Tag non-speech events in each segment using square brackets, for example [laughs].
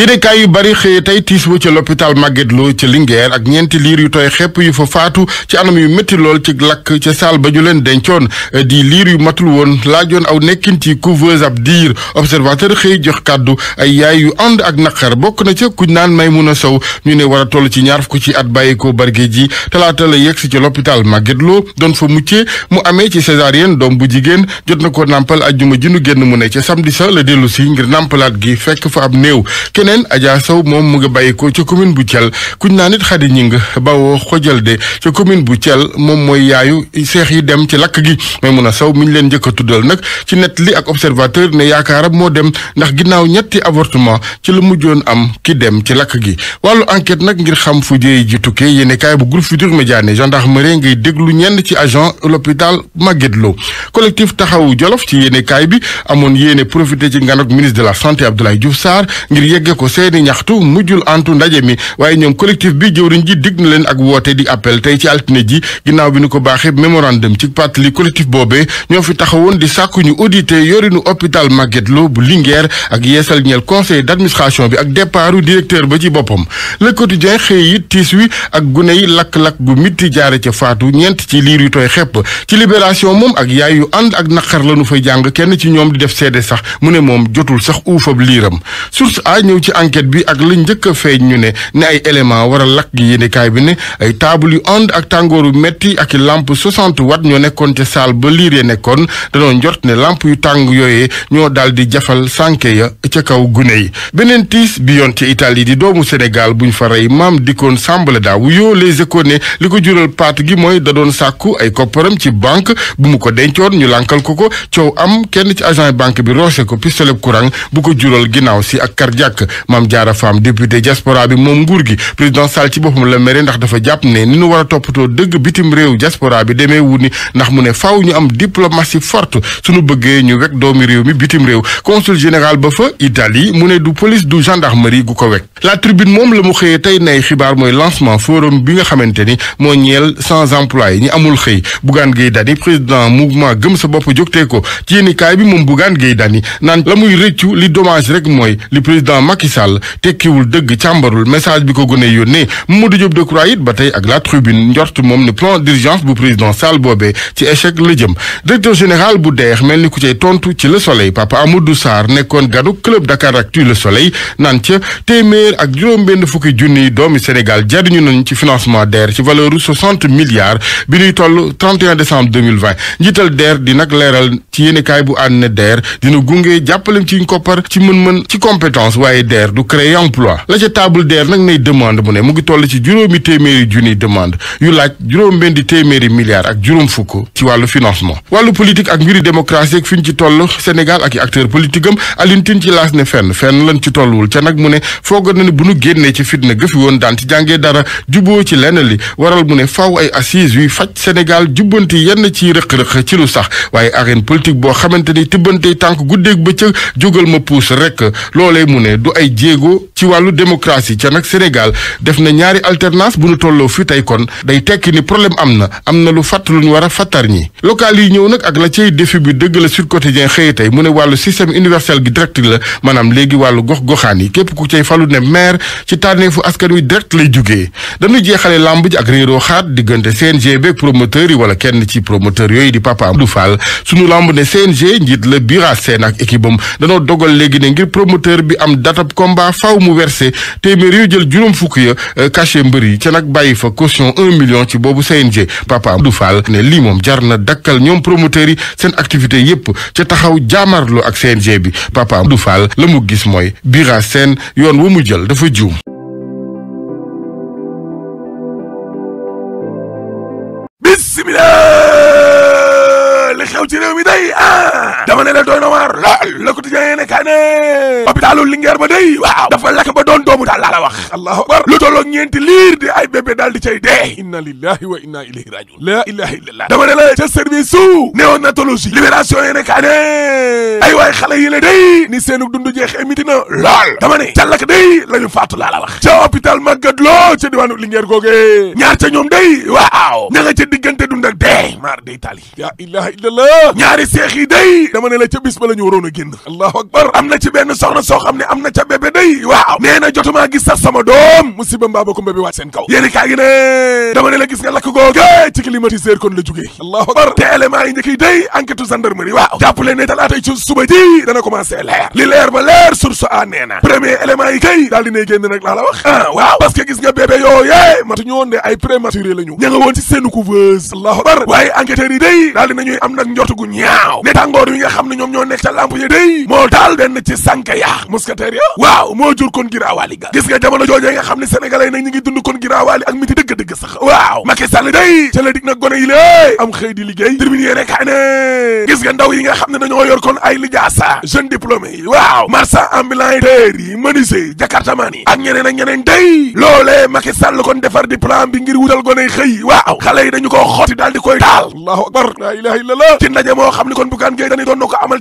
yéenekaay yu bari xëy tey tiisoo ci l'hôpital Magatte Lô ci Linguère ak ñeenti liir yu tooy xepp yu fa faatu ci anam yu métti lool ci lakk ca saal ba ñu leen dencoon di liir yu matul woon laajoon aw nekkin ci couveuse ab diir observateur xëy jox kàddu ay yaay yu ànd ak naqar bokk na ca kuñ naan mun a Sow ñu ne war a toll ci ñaar fukk ci at bàyyi ko barge ji talaata la yegg si ci l'hôpital Magatte Lô doon fa muccee mu amee ci césarienne doom bu jigéen jot na ko nàmpal ajjuma ji nu génn mu ne ca samedi la dellu si ngir nàmpalaat gi fekk fa ab néew keneen Adja Sow moom mu ngi bàyyi ko ca commune bu Thiel kuñ naa nit Xadi ñi nga bawoo xojal de ca commune bu Thiel moom mooy yaayu seex yi dem ci lakk gi a saw mi ñu leen njëkka a tuddal nag ci net li ak observateur ne yaakaaram moo dem ndax ginnaaw ñetti avortement ci lu mujjoon am ki dem ci lakk gi wàllu enquête nag ngir xam fu jéey ji tukkee yéene kaay bu groupe Futurs Médias ne gendarmerie ngay déglu ñenn ci agent l'hôpital Magatte Lô collectif taxawu Jolof ci yéene kaay bi amoon yéene profité ci nganok ministre de la santé Abdoulaye Diouf ko seeni ñaxtu mujjul antu ndaje mi waaye ñoom collectif bi jëwriñ ji digg leen ak woote di appel tey ci altine ji ginnaaw bi ñu ko baaxee mémorandum ci pàttali collectif boobee ñoo fi taxawoon di sàkkuñu ñu audité yorinu hôpital Magatte Lô bu Linguère ak yeesal ñeel conseil d'administration bi ak départu directeur ba ci boppam le quotidien xëy it tiis wi ak gune yi lakk-lakk gu mitti jaare ca faatu ñeent ci liir yu tooy xepp ci libération moom ak yaay ànd ak naqar la nu fay jàng kenn ci ñoom di def seede sax mu ne moom jotul sax uufab liiram ci enquête bi ak la njëkk a feeñ ñu ne ne ay élément war a lakk yéenekaay bi ne ay taabul yu ànd ak tàngooru metti ak i lamp 60 watt ñoo nekkoon ca saal ba liir ya nekkoon danoo jot ne làmp yu tàng yooyee ñoo daal di jafal sànke ya ca kaw gune yi beneen tiis bi yoon ci Italie di doomu Sénégal buñ fa rey maam dikkoon sàmbale daaw yoo les échos ne li ko jural paatu gi mooy da doon sàkku ay kopparam ci banque bu mu ko dencoon ñu lànkal ko ko coow am kenn ci agent banque bi roose ko pistolet courant bu ko jural ginnaaw si ak cardiaque Mame Diarra Fam député diaspora bi moom nguur gi président Sall ci boppam la mere ndax dafa jàpp ne ni ñu war a toppatoo dëgg bitim réew diaspora bi demee wu ni ndax mu ne faaw ñu am diplomatie forte suñu bëggee ñu wekk doomi réew mi bitim réew consul général ba fa Italie mu ne du police du gendarmerie gu ko wekk la tribune moom la mu xëyee tey nay xibaar mooy lancement forum bi nga xamante ni moo ñeel sans emploi ñi amul xëy Bougane Gueye Dany président mouvement gëm sa bopp jógtee ko ci bi moom Bougane Gueye Dany naan la muy rëccu li dommage rek mooy Macky Sall tekkiwul dëgg càmbarul message bi ko gën a yónnee Mamadou Diop Decroix it ba tey ak la tribune njort moom ne plan d'urgence bu président Sall boobee ci échec la jëm général bu deex mel ni ku cay tontu ci Le Soleil Papa Amadou Sarr nekkoon ganu club Dakar Actu Le Soleil naan ca téeméer ak juróom-benn fukki junniy doomi Sénégal jariñu nañ ci financement DER ci valeur u 60 milliards bi ñuy toll 31 décembre 2020 njiital DER di nag leeral ci yéenekaay bu ànd ne DER dina gunge jàppalem ci koppar ci mën DER du créer emploi la ca table DER nag nay demande mu ne mu ngi toll ci juróomi téeméeri junniy demande yu laaj juróom benn téeméeri milliards ak juróom fukk ci wàllu financement wàllu politique ak mbiri démocratie ak fi ci toll Sénégal ak i acteur politique am Alioune Tine ci laas ne fenn fenn lan ci tolluwul ca nag mu ne foogoon na bu nu génnee ci fitna gëfi woon daan ci jàngee dara juboo ci lenn li waral mu ne faaw ay assises yuy faj Sénégal ni tibbantey tànk guddeeg ay jéego ci wàllu démocratie ca nag Sénégal def na ñaari alternance bu nu tolloo fi tey kon day tekki ni problème am na am na lu fàtt lu ñu war a fàttar yi ñëw nag ak la cay défi bi dëgg la Sud Quotidien xëy tey mu ne wàllu système universel gi direct la maanaam léegi wàllu gox goxaan yi képp ku cay falu ne maire ci tànneefu askan wi direct lay jugee dañu jeexale làmb ji ak réeroo xaat diggante CNG beeg promoteur yi wala kenn ci promoteur combat faw mu versé téeméer yu jël juróom fukk ya euh, cachet mbër yi ca nag bàyyi fa caution un ci boobu CNG Papa Abdou Fall ne lii moom jar na dakkal ñoom promoteurs yi seen activité yépp ca taxaw jaamarloo ak CNG bi Papa Abdou Fall la mu gis mooy bira seen yoon wu mu jël dafa juum hôpitalu Linguère ba day waaw dafa lakk ba doon doomu daal laa la wax allahu akbar lu tolloo ñeenti liir di ay bébé daal di cay dee la ilaha illallah dama ne la ca service su néonatologie libération yée ne kaa ne ay waay xale yi la day ni seenu dundu jeexee miti na lool dama ne day la ñu faatu laa la wax ca hôpital Magatte Lô ca diwaanu Linguère googee ñaar ca ñoom day waaw ña nga ca diggante dund dee maar day tali ya ilaha illallah ñaari seex yi day dama ne la ca bis ba la ñu waroon a génn allahu akbar am na ci soo xam ne am na ca bébé day waaw nee na jotumaa gis sax sama doom musiba mbaa ba ko mbébé waat seen kaw yéeni kaa gi ne dama ne la gis nga lakk googe ci climatiseur kon la jugee allahu akbar te élément yi njëkkiy day enquête gendarmerie waaw jàppale ne talaatay ci suba ji dana commencé leer li leer ba leer source a nee na premier élément yi kay daal dinay génn nag laa wax ah waaw parce que gis nga bébé yooyee matu ñu woon de ay prématuré la ñu woon ci seen couveuse allahu akbar waaye yi day am nag njort gu nga xam ne ñoom ñoo nekk ca lamp yi ya baax mousquetaire ya waaw moo jur kon giraawaali ga gis nga jamono joojee nga xam ne sénégalais nag ñu ngi dund kon giraawaali ak mi ci dëgg-dëgg sax waaw Macky Sall day ca nag gone yi lée am xëy di liggéey terminier rek ane gis nga ndaw yi nga xam ne dañoo yor kon ay lijaasa jeune diplômé yi waaw marchand ambulant yi teer yi menuisier yi jakartamaan yi ak ñeneen ak ñeneen day loolee Macky Sall kon defar di plan bi ngir wutal la ilaha moo xam ne kon bugaan ngay dañu doon na ko amal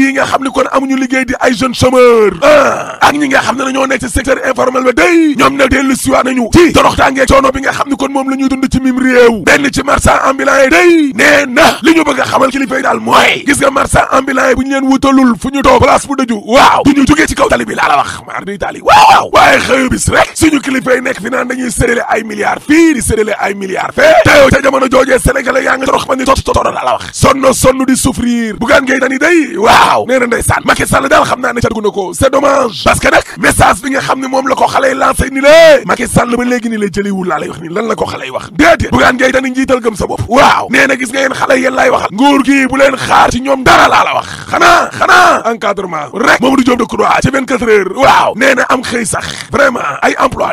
yi nga xam ne kon amuñu liggéey di ay jeunes chômeurs ah. ak ñi nga xam ne dañoo nekk ci secteur informel ba day ñoom nag dellu siwaat nañu ci toroxtaangeeg coono bi nga xam ne kon moom la ñuy dund ci mim réew benn ci marchand ambulant yi day nee na li ñu bëgg xamal kilifa daal mooy gis nga marchand ambulant yi bu ñu leen wutalul fu ñu toog place bu dëju waaw bu ñu jógee ci kaw tali bi laa la wax maar di tali waaw waaw waaye xëyu rek suñu kilifa yi nekk fi naan dañuy séddale ay milliards fii di séddale ay milliards fee te yow ca jamono joojee sénégalais yaa nga torox ba ni tot tot la wax sonn sonn di souffrir bugaan ngay dani day waaw nee na ndeysaan Macky Sall daal xam naa ne cadgu na ko c'est dommage parce que message bi moom la ko xale yi lancé ni lée Macky Sall ba léegi ni la jëliwul laa lay wax ni lan la ko xale yi wax déedéet bugaan ngay tani njiital gëm bopp waaw nee gis nga yéen xale yéen lay waxal nguur gi xaar ci ñoom dara laa wax xanaa xanaa encadrement rek Mamadou Diop Decroix ci 24 heures waaw nee na am xëy sax vraiment ay emploi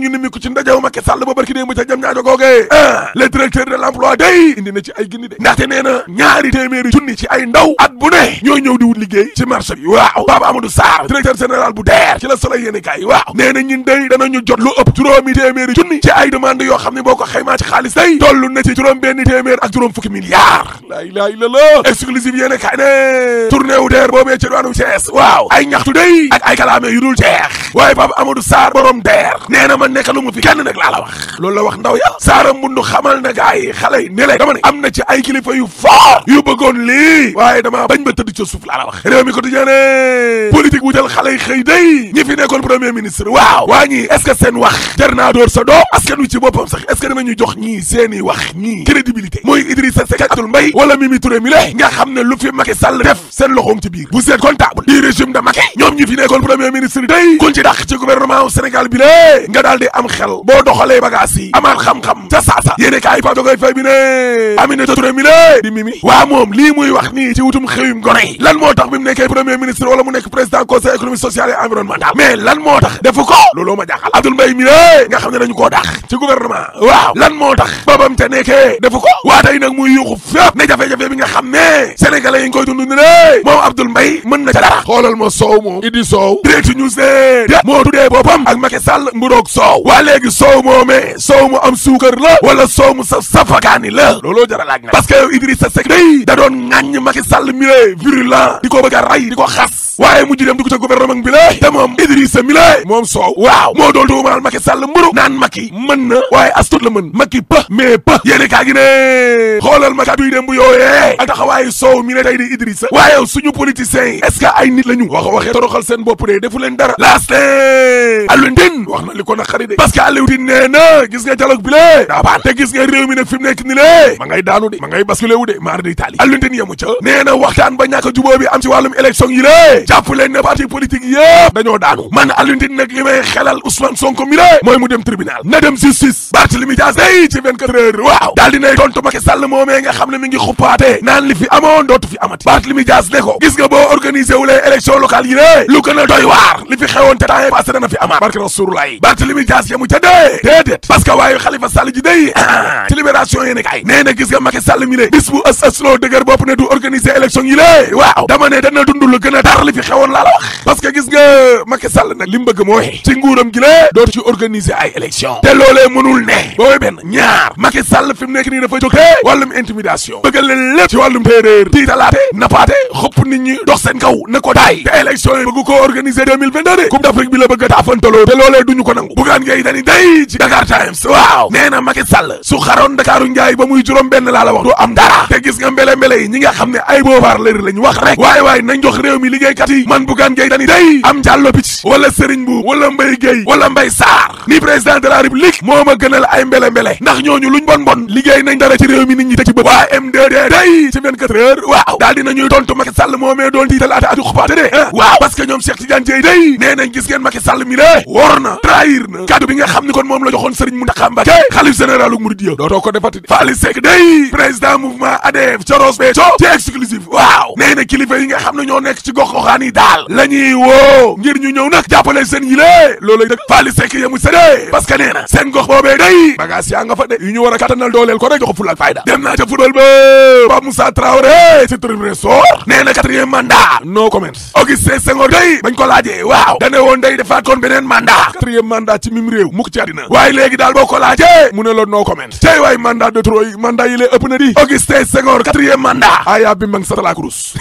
dañ ko Macky Sall ba barki dee mu ca jëm ñaajo googee ah le directeur de l'emploi day indi na ci ay gindi de ndaxte nee na ñaari junni ci ay ndaw at bu ne ñooy ñëw di wut liggéey ci marché bi waaw Baba Amadou Sarr directeur général bu DER ci la solo yéene kaay waaw nee na ñun day danañu jot lu ëpp juróomi téeméeri junni ci ay demande yoo xam ne boo ko xaymaa ci xaalis day toll na ci juróom benn téeméer ak juróom fukki milliards laa ilaaha illallaah exclusive yéene kaay ne rek laa la wax loolu la wax ndaw ya saara mbund xamal na gars xale yi ne am na ci ay kilifa yu fort yu bëggoon lii waaye dama bañ ba tëdd ca suuf laa la wax réew mi quotidien ne politique xale yi day ñi fi premier ministre waaw waa ñi est-ce wax jar door sa doo askan wi ci boppam sax est-ce que jox ñii seeni wax ñii crédibilité muy Idrissa Seck Abdoul Mbaye ci biir vous êtes comptable du régime de Macky ñoom ñi fi premier ministre day kun ci dàq ci gouvernement Sénégal doxalee bagaas yi amaan xam-xam ca saasa yéene kaay fa jógee fay bi ne Aminata Touré mi lée di mimi waa moom lii muy wax nii ci wutum xëyum gone lan moo tax bi mu nekkee premier ministre wala mu nekk président conseil lan moo tax defu looloo ma jaaxal Abdoul Mbaye mi lée nga xam ne dañu koo dàq ci gouvernement waaw lan moo tax babam te nekkee defu waa tey nag muy yuuxu fépp ne jafe-jafe bi nga xam ne sénégalais yi ngi koy dund moom Abdoul Mbaye ma soow moom Idi soow moomee soow mu am suukar la wala soow mu saf safakaani la looloo jara laaj na parce que yow Idrissa Seck day da doon la virulent di ko bëgg a xas waaye mujj dem dugg ca gouvernement bi la te moom Idrissa moom soow waaw moo doon tuumaal Macky Sall mburu naan Macky mën na waaye astut la mën Macky pa mais pa yéene kaa gi xoolal ma kàddu yi dem bu a ak taxawaayu soow mi ne tey waaye yow suñu politiciens yi est ay nit la ñu wax waxee toroxal seen bopp de defu leen dara laas Alioune Tine wax na li nee gis nga dialogue bi daa baax te gis nga réew mi nekk ni ma ngay daanu de ma ngay basculé wu de maar day taali alluntin yemu ca nee waxtaan ba ñàkk jubóo am ci wàllum élection yi lée ne parti politique yëpp dañoo daanu man alluntin nag li may xelal Ousmane Sonko mi mooy mu dem tribunal na dem justice Barthélémy Dias day ci 24 heures waaw daal dinay tontu Macky Sall moomee nga xam ne mi ngi naan li fi amoon dootu fi a amaat de déedéet parce que waaye Khalifa Sall ji day [coughs] ci libération yéene kay nee gis nga Macky Sall mi le bis bu ës ësloo dëgër bopp ne du organiser élection yi lée waaw dama ne dana dund lu gën a tar li fi xewoon laa la wax parce gis nga Macky Sall nag li mu mooy ci nguuram gi lée dootu ci organiser ay élection te loolee mënul ne boobu benn ñaar Macky Sall fi mu nekk nii dafa te wàllum intimidation bëggal leen lépp ci wàllum téeréer tiitalaate napaate xëpp nit ñi a tey ci Dakar Times waaw nee na Macky Sall su xaroon Dakaaru Njaay ba muy juróom benn laa la wax du am dara te gis nga mbele mbele yi ñi nga xam ne ay boobaar lër lañ wax rek waaye waaye nañ jox réew mi liggéeykat yi man Bougane Gueye Dany day am jàllo picc wala Serigne Mbu wala Mbaye Gueye wala Mbaye Sarr ni président de la République moo ma gënal ay mbele mbele ndax ñooñu luñ bon bon liggéey nañ dara ci réew mi nit ñi te ci bëgg waa M2D de moom la joxoon sëriñ Mountakha Mbacké xalif généralu Muridiyya dootoo ko defati Faly Seck day président mouvement ADF ca Ross Béthio ci exclusif waaw nee na gox goxaan yi daal yaa nga fa de yu ñu war a kattanal dooleel ko rek jox fulaak fayda dem naa ca football ba Pape Moussa Traoré ci tribune sport nee na quatrième mandat no comment Augustin bañ ko waaw dane woon day defaat kon beneen mandat quatrième mandat ci mim réew mukk ci àddina waaye léegi daal boo ko laajee mu ne la no comment tey waay mandat de trop yi mandat yi lee ëpp na di Augustin Senghor quatrième mandat ayaa bi mang satala cruz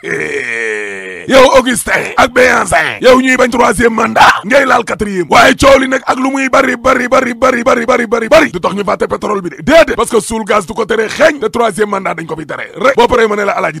[laughs] yow Augustin ak Béhanzin yow ñuy bañ troisième mandat ngay laal quatrième waaye coow li nag ak lu muy bari bari bari bari bari bari bari du tax ñu fàtte pétrole bi de déedéet parce que suul gaz du ko tere xeeñ te troisième mandat dañ ko fi tere rek boo paree ma ne la alaaji